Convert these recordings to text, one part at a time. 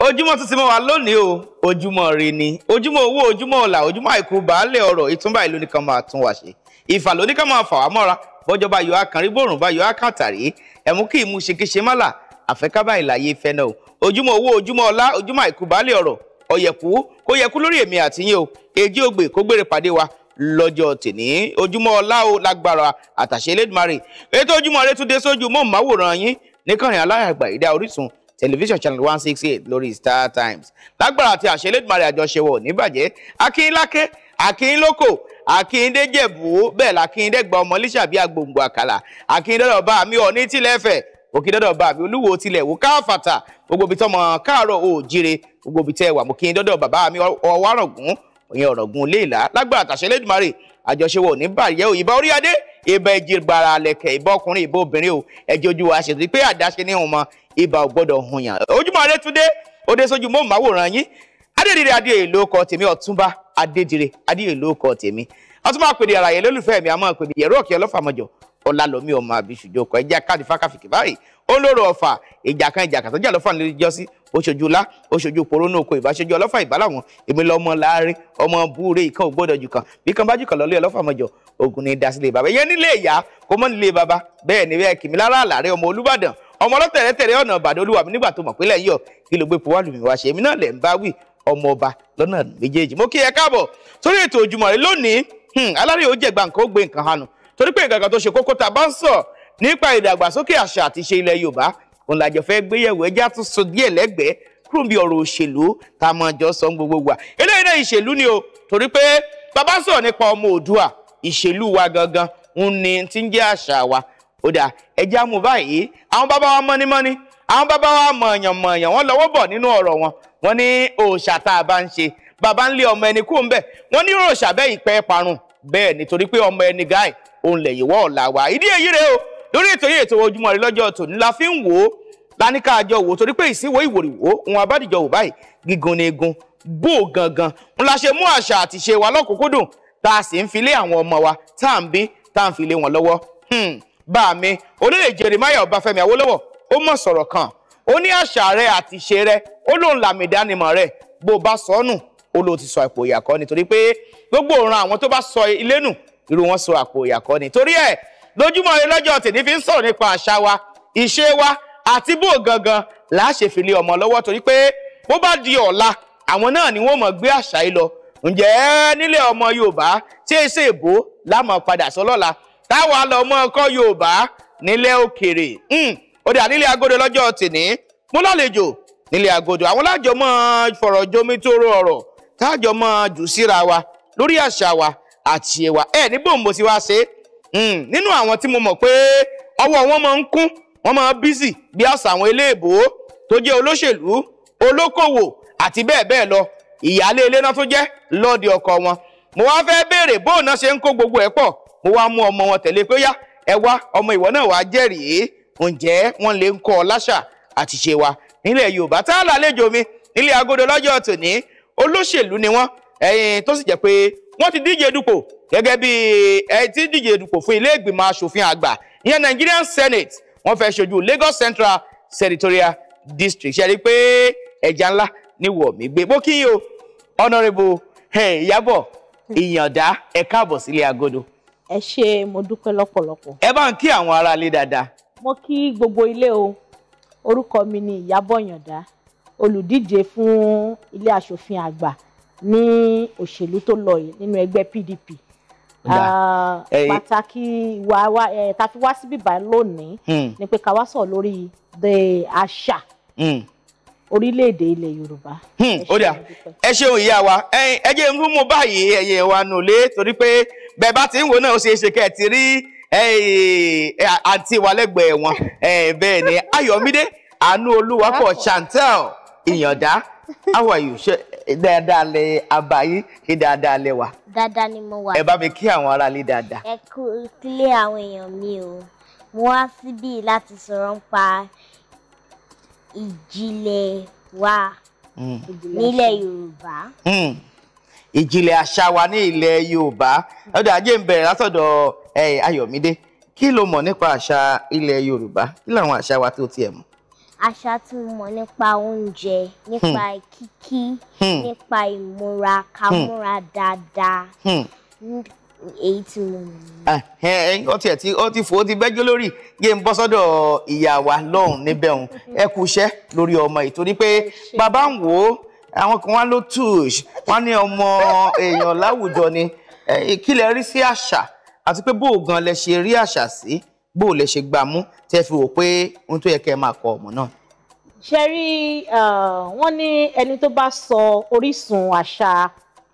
ojúmọ́ tó ti mọ́ wa lónìí o ojúmọ́ rẹ ni ojúmọ́ owó ojúmọ́ ọ̀la ojúmọ́ àìkú baálé ọ̀rọ̀ ìtúnbà ìlú nìkan máa tún wá ṣe ìfà ló ní ká máa fà wá mọ́ra bọ́jọ́ bá yọ akànrí bòrùn bá yọ akàtàrí ẹ̀mú kí ìmú ṣekéṣe má là àfẹ́kábà ìlàyé ìfẹ́ o ojúmọ́ owó ojúmọ́ ọ̀la ojúmọ́ àìkú baálé ọ̀rọ̀ ọ̀yẹ̀kú kó yẹ kú lórí èmi àtìyìn o èjì ògbè kó gbére pàdé wa lọ́jọ́ tèní ojúmọ́ ọ̀la o lágbára àtàṣe Elédùmarè ètò ojúmọ́ rẹ tún dé sójú mọ́ màwòrán yín níkànnì aláyàgbà ìdá Orísun Television channel one six eight lórí Star Times lágbára àti àṣẹ Elédùmarè àjọṣewọ̀ níbàjẹ́ akínláké akínlókò akíndé jẹ̀bú bẹ́ẹ̀ lakíndé gba ọmọ líṣàbí agbòǹgbò àkàlà akíndé dọ̀bà mi ọ̀ ní tilẹ̀ fẹ̀ òkèdọ́dọ̀ bá mi olúwo tilẹ̀ wò káfàtà gbogbo ibi tọmọ káàárọ̀ òjire gbogbo ibi tẹ wà mú kí n bàbá mi ọwárọ̀gùn ìyẹn ọ̀rọ̀gùn léèlà lágbára àtàṣẹ lẹ́dùnmarè àjọṣewọ̀ ní bàyẹ̀ ò ìbá orí adé ìbá ẹjì gbàrà lẹ̀kẹ̀ ìbá ọkùnrin ìbá obìnrin o ẹjọ́ ojú wa ṣètò pé àdáṣe ní ìhùn mọ́ ibà ò gbọ́dọ̀ hun yàn Ojúmọ́ Ire tún dé ó dé sójú mọ́ màwòrán yín Adédire adéyè ló kọ tèmi Ọ̀túnba Adédire adéyè ló kọ tèmi ọtún máa pèdè àràyè lólùfẹ́ mi àmọ́ pèdè yẹ̀rọ òkè ọlọ́fàmọ́jọ ọlálọ́mí ọmọ àbíṣùjọ ọkọ̀ ẹja káàdì fákàfìkì báyìí olóró ọ̀fà ìjà kan ìjà kàtó jà lọ́fà nílé jọ́sí oṣojú lá oṣojú porónú oko ìbáṣojú ọlọ́fà ìbálàwọ̀n èmi lọ́mọ láàrin ọmọ búure ìkan ò gbọ́dọ̀ jù kan bí kan bá jù kan lọ́lé ọlọ́fà mọ́jọ ogun ní dasílẹ̀ bàbá ìyẹn nílé ìyá kó mọ́ nílé bàbá bẹ́ẹ̀ ni bẹ́ẹ̀ kìmí lára àlàrẹ́ ọmọ Olúbàdàn ọmọ ọlọ́tẹ̀rẹ́tẹ̀rẹ́ ọ̀nà ìbàdólúwà mi nígbà tó mọ̀ pé lẹ́ ń yọ̀ kí ló gbé fowó lùmí wá ṣe èmi náà lẹ̀ ń bá wí ọmọọba lọ́nà méjèèjì mo kí ẹ káàbọ̀ sórí ètò Ojúmọ́ Ire lónìí hmm, alárè jẹ̀gbà nǹkan ó gbé nǹkan torí pé nǹkan nípa ìdàgbàsókè àṣà àti ilẹ̀ Yorùbá òun làjọ ó dà ẹjẹ́ àmú báyìí àwọn bàbá wa mọ́nímọ́ní àwọn bàbá wa mọ̀ọ̀yàn mọ̀ọ̀yàn wọ́n lọ́wọ́ bọ̀ nínú ọ̀rọ̀ wọn wọ́n ní òòṣà tá a bá ń ṣe bàbá ń lé ọmọ ẹni kú ń bẹ̀ wọ́n ní òòṣà bẹ́ẹ̀ ìpẹ́ parun bẹ́ẹ̀ nítorí pé ọmọ ẹni gáì òun lẹ̀ yíwọ́ ọ̀la wa ìdí èyí rèé o lórí ètò yìí ètò Ojúmọ́ Ire lọ́jọ́ tòní la fi ń wò ó láníkà àjọ wò torí pé ìsìnwó ìwòrìwò òun àbádìjọ wò báyìí gígun ni egun bó gangan ń la ṣe mú àṣà àti ṣe wa lọ́kùnkúndùn tá a sì ń fi àwọn ọmọ wa tá à ń bí tá à ń fi wọn lọ́wọ́ hmm bá mi olóyè Jeremiah Ọbáfẹ́mi Awólọ́wọ̀ ó mọ̀ sọ̀rọ̀ kan ó ní àṣà rẹ àti ìṣe rẹ ó lóun làmì ìdánimọ̀ rẹ bó o bá sọ ọ nù ó lóun ti sọ àpò ìyàkọ́ nítorí pé gbogbo òran àwọn tó bá sọ ilé nù irú wọn sọ àpò ìyàkọ́ nítorí ẹ̀ lójúmọ́ ire lọ́jọ́ tèmi fi ń sọ̀rọ̀ nípa àṣà wa ìṣe wa àti bó gangan là á ṣe fi lé ọmọ lọ́wọ́ torí pé bó bá di ọ̀la àwọn náà ni wọ́n mọ̀ gbé àṣà yìí lọ ǹjẹ́ nílẹ̀ ọmọ Yorùbá ṣé é ṣe èbó láàmú padà sọ táwa lọ mọ ọkọ yorùbá nílẹ̀ òkèrè òde hmm. ànílé agodo lọ́jọ́ tìní mú lálejò nílé agodo àwọn lájọ mọ fọ̀rọ̀ jomi tó rọ ọ̀rọ̀ tájọ mọ jù síra wa lórí àṣà wa àti ẹwà ẹ ní bòǹbò sí wa ṣe hmm. nínú àwọn tí mo mọ̀ pé ọwọ́ wọn máa ń kún wọn máa bízì bí àṣà àwọn eléèbó tó jẹ́ olóṣèlú olókòwò àti bẹ́ẹ̀ bẹ́ẹ̀ lọ ìyáálé ilé náà tó jẹ́ lọ́ọ̀dì ọkọ wọn mo wá fẹ́ béèrè bóun náà ṣe ń kó gbogbo ẹ̀ pọ̀ mo wá mú ọmọ wọn tẹ̀lé pé yá ẹ wá ọmọ ìwọ náà wàá jẹ́rìí ǹjẹ́ wọ́n lè ń kọ́ ọ láṣà àti ṣe wa nílẹ̀ Yorùbá tá a lálejò mi nílẹ̀ agodo lọ́jọ́ tòní olóṣèlú ni wọ́n ẹ̀yìn tó sì jẹ́ pé wọ́n ti díje dupò gẹ́gẹ́ bí ẹ ti díje dupò fún ilé ìgbìmọ̀ asòfin àgbà ìyẹn Nigerian Senate wọ́n fẹ́ ṣojú Lagos Central Senatorial District ṣe rí i pé ẹja ńlá ní wọ̀mí gbé bó kí yín o Honourable Ìyábọ̀ Ìyàndá ẹ káàbọ̀ sílé agodo ẹ ṣé mo dúpẹ́ lọ́pọ̀lọpọ̀. ẹ bá ń kí àwọn ará ilé dáadáa. mo kí gbogbo ilé o orúkọ mi ni Ìyábọ̀ Ìyàndá olùdíje fún ilé aṣòfin àgbà ní òṣèlú tó lọ yìí nínú ẹgbẹ́ PDP ah, pàtàkì wa wa ta fi wá síbí báyìí lónìí hmm. ni pé ká wá sọ̀rọ̀ lórí the àṣà hmm. orílẹ̀-èdè ilẹ̀ yorùbá. Hmm, ó dà ẹ ṣeun ìyá wa ẹ jẹ́ ń mú báyìí ẹ̀yẹ̀ wa nù lé torí pé bẹ́ẹ̀ bá ti ń wo náà ó ṣeé ṣe kẹ́ ẹ ti rí àǹtí wa lẹ́gbẹ̀ẹ́ wọn bẹ́ẹ̀ ni Ayọ̀mídé Àánú Olúwapọ̀ Chantel Ìyàndá how are you ṣe dáadáa lẹ abayí ṣe dáadáa lẹ wa. dáadáa ni mo wà. ẹ bá mi kí àwọn aráalé dáadáa. ẹ kú ilé àwọn èèyàn mi o mo wá síbí láti sọ̀rọ̀ nípa ìjìnlẹ̀ wa hmm. nílẹ̀ Yorùbá. Hmm ìjìnlẹ̀ àṣà wa ní ilẹ̀ yorùbá ọdọ ajé ń bẹ̀rẹ̀ látọ̀dọ̀ ayọ̀mídé kí ló mọ̀ nípa àṣà ilẹ̀ yorùbá kí làwọn àṣà wa tó tiẹ̀ mọ̀. àṣà tí mo mọ̀ nípa oúnjẹ nípa hmm. kíkí hmm. nípa ìmúra kámúra hmm. dáadáa èyí tí mo mọ̀. ọtí ẹ̀ tí ó ti fò ó ti gbẹ́jọ́ lórí yé ń bọ́ sọ́dọ̀ ìyá wa lọ́hùn-ún níbẹ̀ òun ẹ kú iṣẹ́ lórí ọmọ yìí torí pé bàbá ń wò ó àwọn kan wá ló touche wọ́n ní ọmọ èèyàn láwùjọ ni kí rí sí àṣà àti pé bó o gan lẹ ṣe rí àṣà sí bó o lẹ ṣe gbà mú tẹ fi wò pé ohun tó yẹ kẹ́ máa kọ ọmọ náà. ṣe rí wọ́n ní ẹni tó bá sọ orísun àṣà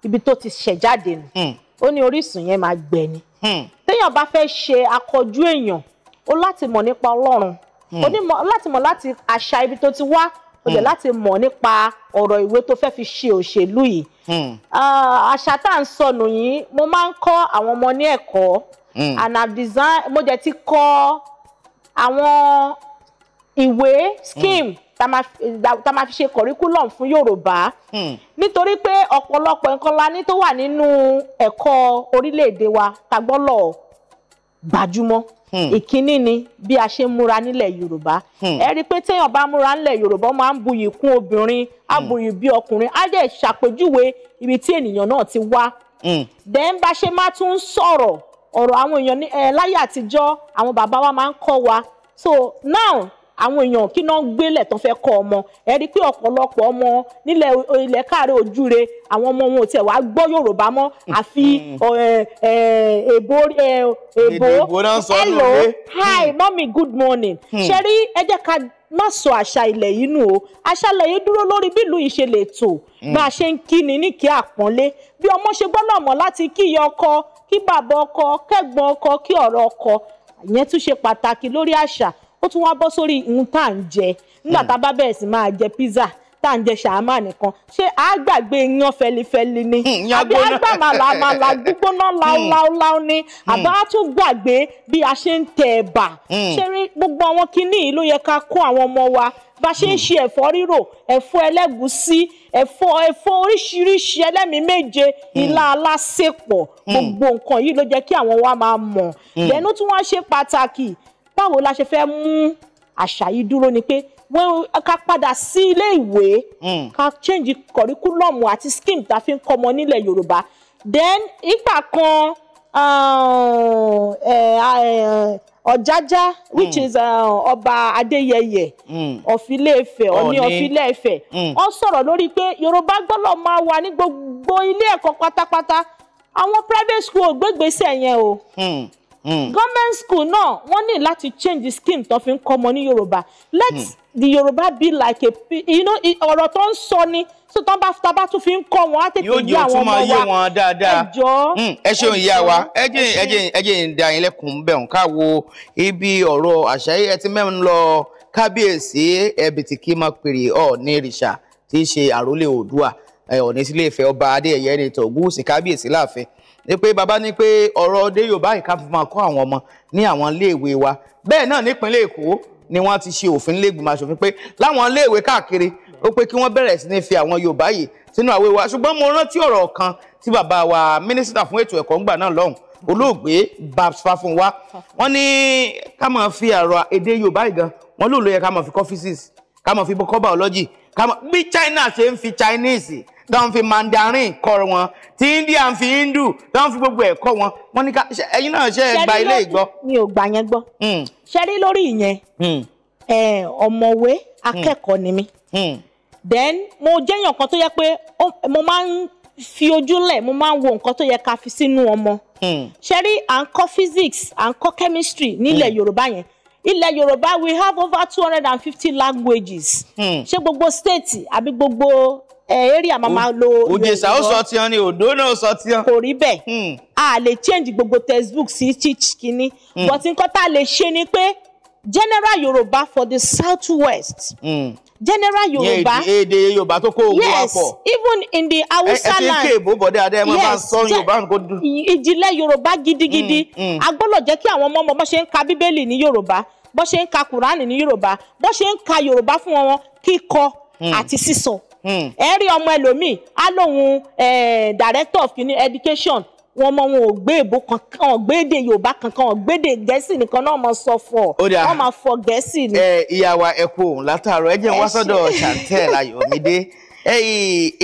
ibi tó ti ṣẹ̀ jáde nù hmm. ó ní orísun yẹn máa gbẹ ni hmm. téèyàn bá fẹ́ ṣe akọjú èèyàn ó láti mọ̀ nípa Ọlọ́run hmm. ó ní láti mọ̀ láti àṣà ibi tó ti wá o dẹ̀ hmm. láti mọ̀ nípa ọ̀rọ̀ ìwé tó fẹ́ fi ṣe òṣèlú yìí. Hmm. àṣà tá à ń sọnù yìí mo máa ń kọ́ àwọn ọmọ ní ẹ̀kọ́ hmm. and I've designed mo dẹ̀ ti kọ́ àwọn ìwé scheme tá máa fi ṣe curriculum fún Yorùbá nítorí pé ọ̀pọ̀lọpọ̀ nǹkan la ní tó wà nínú ẹ̀kọ́ orílẹ̀-èdè wa tá gbọ́lọ̀ gbajúmọ̀. Hmm. ìkíní ni bí a ṣe ń múra nílẹ̀ yorùbá hmm. ẹ rí i pé téèyàn bá múra nílẹ̀ yorùbá máa ń buyì kún obìnrin á hmm. buyì bí ọkùnrin á dẹ̀ ṣàpèjúwe ibi tí ènìyàn náà ti wá then bá ṣe máa tún sọ̀rọ̀ ọ̀rọ̀ àwọn èèyàn láyé àtijọ́ àwọn bàbá wa máa ń kọ́ wa so now àwọn èèyàn kí náà gbélẹ̀ tán fẹ́ kọ́ ọmọ ẹ rí i pé ọ̀pọ̀lọpọ̀ ọmọ nílẹ̀ ilẹ̀ káàárẹ̀ ojúre àwọn ọmọ wọn ò tiẹ̀ wá gbọ́ Yorùbá mọ́ àfi mm-hmm. èbó hello hi mm. mommy good morning mm. ṣe rí ẹ jẹ́ ká má sọ àṣà ilẹ̀ yìí nù o àṣà ilẹ̀ yìí dúró lórí bílùú ìṣẹ̀lẹ̀ tó mm. bá a ṣe ń kíni ní kí àpọ́nlé bí ọmọ ṣe gbọ́dọ̀ mọ̀ láti kí ìyá ọkọ kí bàbá ọkọ kẹ́gbọ́n ọkọ kí ọ̀rọ̀ ọkọ ìyẹn tún ṣe pàtàkì lórí àṣà ó tún wá bọ́ sórí ohun tá à ń jẹ nígbà hmm. tá a bá bẹ̀rẹ̀ sí máa jẹ pizza tá à ń jẹ ṣàmà nìkan ṣé a gbàgbé yan fẹlifẹli ni hmm, àbí a gbà màlà màlà gbígbóná hmm. láúláúláú ni àbá a tún gbàgbé bí a ṣe ń tẹ ẹ̀bà ṣé rí gbogbo àwọn kinní yìí ló yẹ ká kó àwọn ọmọ wa bá ṣe ń ṣe ẹ̀fọ́ rírò ẹ̀fọ́ ẹlẹ́gùúsí ẹ̀fọ́ ẹ̀fọ́ oríṣiríṣi ẹlẹ́mìí méje ilá alásèpọ̀ gbogbo nǹkan yìí ló jẹ́ kí àwọn wa máa mọ̀ lẹ́nu tí wọ́n ṣe pàtàkì báwo la ṣe fẹ́ mú àṣà yìí dúró ni pé wọ́n ká padà sí ilé ìwé hmm. ká change curriculum àti scheme tá fi ń kọ́mọ nílẹ̀ Yorùbá then ìgbà kan uh, eh, ah, eh, Ọ̀jájá which hmm. is uh, ọba Adéyẹyẹ ọ̀fìlẹ́ẹ̀fẹ̀ hmm. ọ̀ní ọ̀fìlẹ́ẹ̀fẹ̀ ó sọ̀rọ̀ lórí pé Yorùbá gbọ́dọ̀ máa wà ní gbogbo ilé ẹ̀kọ́ pátápátá àwọn private school gbégbèsè yẹn o. Hmm. government school náà wọ́n ní láti change the scheme tó fi ń kọ́mọ ní yorùbá let mm. the yorùbá be like a you know ọ̀rọ̀ tó ń sọ ni tó tán bá tá a bá tún fi ń kọ́ wọn á tètè yé àwọn ọmọ wa yóò jẹ́ òtún máa yé wọn dáadáa ẹjọ́ hmm. ẹ ṣeun ìyá wa ẹ jẹ́ ẹ jẹ́ ẹ jẹ́ da yín lẹ́kùn bẹ̀ ń ká wo ibi ọ̀rọ̀ àṣà yìí ẹ ti mẹ́rin lọ kábíyèsí ẹ̀bìtì kí máa pèrè ọ̀ọ́nì ìrìṣà tí í ṣe àrólé oòdùà ọ̀ọ́nì sílé ìfẹ́ ọba adéyẹyẹ ní tògúùsì kábíyèsí láàfin ni pé bàbá ní pé ọ̀rọ̀ ọdẹ Yorùbá yìí ká fi máa kọ́ àwọn ọmọ ní àwọn iléèwé wa bẹ́ẹ̀ náà nípínlẹ̀ Èkó ni wọ́n ti ṣe òfin lẹ́gbìmọ̀ aṣòfin pé láwọn iléèwé káàkiri ó pé kí wọ́n bẹ̀rẹ̀ sí ní fi àwọn Yorùbá yìí sínú àwẹ̀ wa ṣùgbọ́n mo rántí ọ̀rọ̀ kan tí bàbá wa mínísítà fún ètò ẹ̀kọ́ ńgbà náà lọ́hùn olóògbé babs fafunwa wọ́n ní ká máa fi àrọ̀ èdè Yorùbá yìí gan wọ́n lò ló yẹ ká máa fi kọ́fíìsì ká máa fi kọ́ biology ká máa bí China ṣe ń fi Chinese tó ń fi mandarin kọ́ wọn tí india ń fi hindu tó ń fi gbogbo ẹ̀ kọ́ wọn wọ́n ní ká ẹ̀yin náà ṣe gba ilé ìgbọ́. mi ò gbà yẹn gbọ́ hmm. ṣe lórí ìyẹn hmm. ọ̀mọ̀wé hmm. akẹ́kọ̀ọ́ ni mi then mo jẹ́yàn kan tó yẹ pé mo máa ń fi ojú lẹ̀ mo máa ń wo nǹkan tó yẹ ká fi sínú ọmọ ṣe à ń kọ́ physics à ń kọ́ chemistry nílẹ̀ yorùbá yẹn ilẹ̀ yorùbá we have over two hundred and fifty languages ṣé gbogbo state àbí gbogbo area máa máa lo. òjèṣà ó sọ tiwọn ni òdó náà ó sọ tiwọn. kò rí bẹ́ẹ̀ hmm. a lè change gbogbo textbook sí teach kínní hmm. but nǹkan tá a lè ni pé general Yoruba for the Southwest. west. Mm. general Yorùbá. yẹ èdè Yorùbá tó kó owó àpọ. yes even in the Hausa land. ẹ ti ń ké adé ẹ máa sọ Yorùbá nǹkan dùn. ìjìnlẹ̀ Yorùbá gidigidi hmm, a jẹ́ kí àwọn ọmọ ọmọ bó ṣe ń ka Bíbélì ní Yorùbá bó ṣe ń ka Kùránì ní Yorùbá bó ṣe ń ka Yorùbá fún wọn kíkọ àti sísọ. Hmm. ẹ rí ọmọ ẹlòmíì á lóun director of education wọn mọ wọn ò gbé èbó kankan wọn gbé èdè yorùbá kankan wọn gbé èdè gẹ̀ẹ́sì nìkan náà mọ sọ fọ wọn máa fọ gẹ̀ẹ́sì ni. ẹ ìyá wa ẹ kú òun látàárọ̀ ẹ jẹ́ wá sọ́dọ̀ Chantel Ayọ̀mídé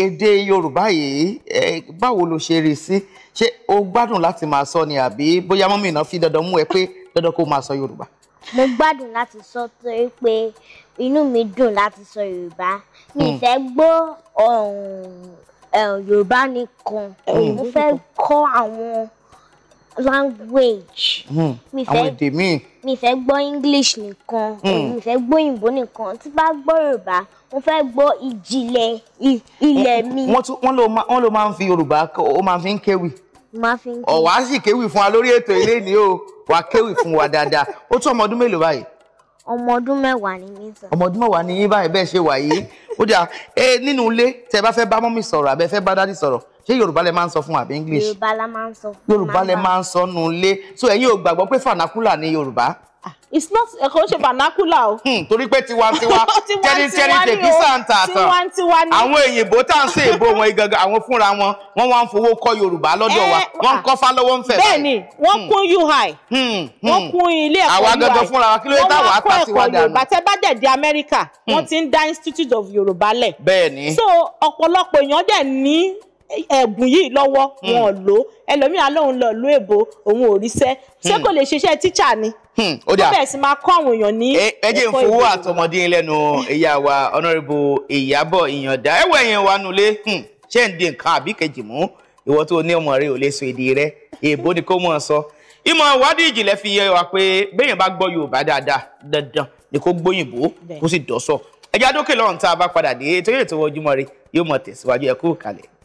èdè yorùbá yìí báwo ló ṣe rí sí ṣé o gbádùn láti máa sọ ni àbí bóyá mọ́mí iná fi dandan mú ẹ pé dandan kó máa sọ yorùbá. mo gbádùn láti sọ pé inú mi dùn láti sọ yorùbá mi hmm. fẹ́ gbọ́ um, yorùbá nìkan hmm. mo fẹ́ kọ́ àwọn language hmm. mi fẹ́ gbọ́ english nìkan mi fẹ́ gbọ́ òyìnbó nìkan tí bá gbọ́ yorùbá mo fẹ́ gbọ́ ìjìnlẹ̀ ilẹ̀ eh, mi. wọ́n ló máa ń fi yorùbá ó máa fi ń kéwì máa fi ń kéwì. ọ̀wá sì kéwì fún wa lórí ètò ilé ni o wàá kéwì fún wa dáadáa ó tó ọmọ ọdún mélòó báyìí ọmọ ọdún mẹ́wàá ni mí sọ. ọmọ ọdún mẹ́wàá ni yín báyìí bẹ́ẹ̀ ṣe wà yìí ó dà ẹ nínú ilé tẹ bá fẹ́ bá mọ́mì sọ̀rọ̀ àbẹ́ fẹ́ bá dádì sọ̀rọ̀ ṣé yorùbá lẹ máa ń sọ fún àbí english. yorùbá la máa ń sọ fún. yorùbá lẹ máa ń sọ nù ilé so ẹ̀yin ò gbàgbọ́ pé fànákùlà ni yorùbá it's not ẹ̀kọ́ ṣe vernacular o. Hmm, torí pé tiwantiwa tẹnitẹni tẹbí sàǹtà àtàn àwọn òyìnbó tá à ń ṣe èbó wọn igangan àwọn fúnra wọn wọn wá ń fowó kọ́ yorùbá lọ́dọ̀ wa eh, ah. wọn ń kọ́fá lọ́wọ́ ń fẹ̀. bẹ́ẹ̀ni wọn hmm. kún UI hmm, wọn kún ilé ẹ̀kọ́ UI àwa gangan fúnra wa kí ló dé táwa àtà tiwa dànù. yorùbá tẹ bá dẹ̀ di amẹ́ríkà wọ́n ti ń dá institute of yorùbá lẹ̀. bẹ́ẹ̀ni. so ọ̀pọ̀lọpọ̀ èèyàn dẹ̀ ní ẹ̀bùn yìí lọ́wọ́ wọn ò lò ẹlòmíràn lòun lọ lóèbó òun ò ríṣẹ́ ṣé kò lè ṣiṣẹ́ tíṣà ni Hmm, ó dà bẹ́ẹ̀ máa kọ́ àwọn èèyàn ní. ẹ jẹ́ n fowó àtọmọdé lẹ́nu ìyá wa honourable ìyábọ̀ ìyàndá ẹ̀wọ̀ ẹ̀yẹn wa nulẹ̀ hmm, ṣé ń di nǹkan àbí kejì mú ìwọ tó ní ọmọ rẹ ò lè sọ èdè rẹ èèbó ni kó mọ̀ sọ. ìmọ̀ ìwádìí ìjìnlẹ̀ fi yé wa pé béèyàn bá gbọ́ Yorùbá dáadáa dandan ni kó gbóyìnbó kó sì dọ́sọ̀ ẹ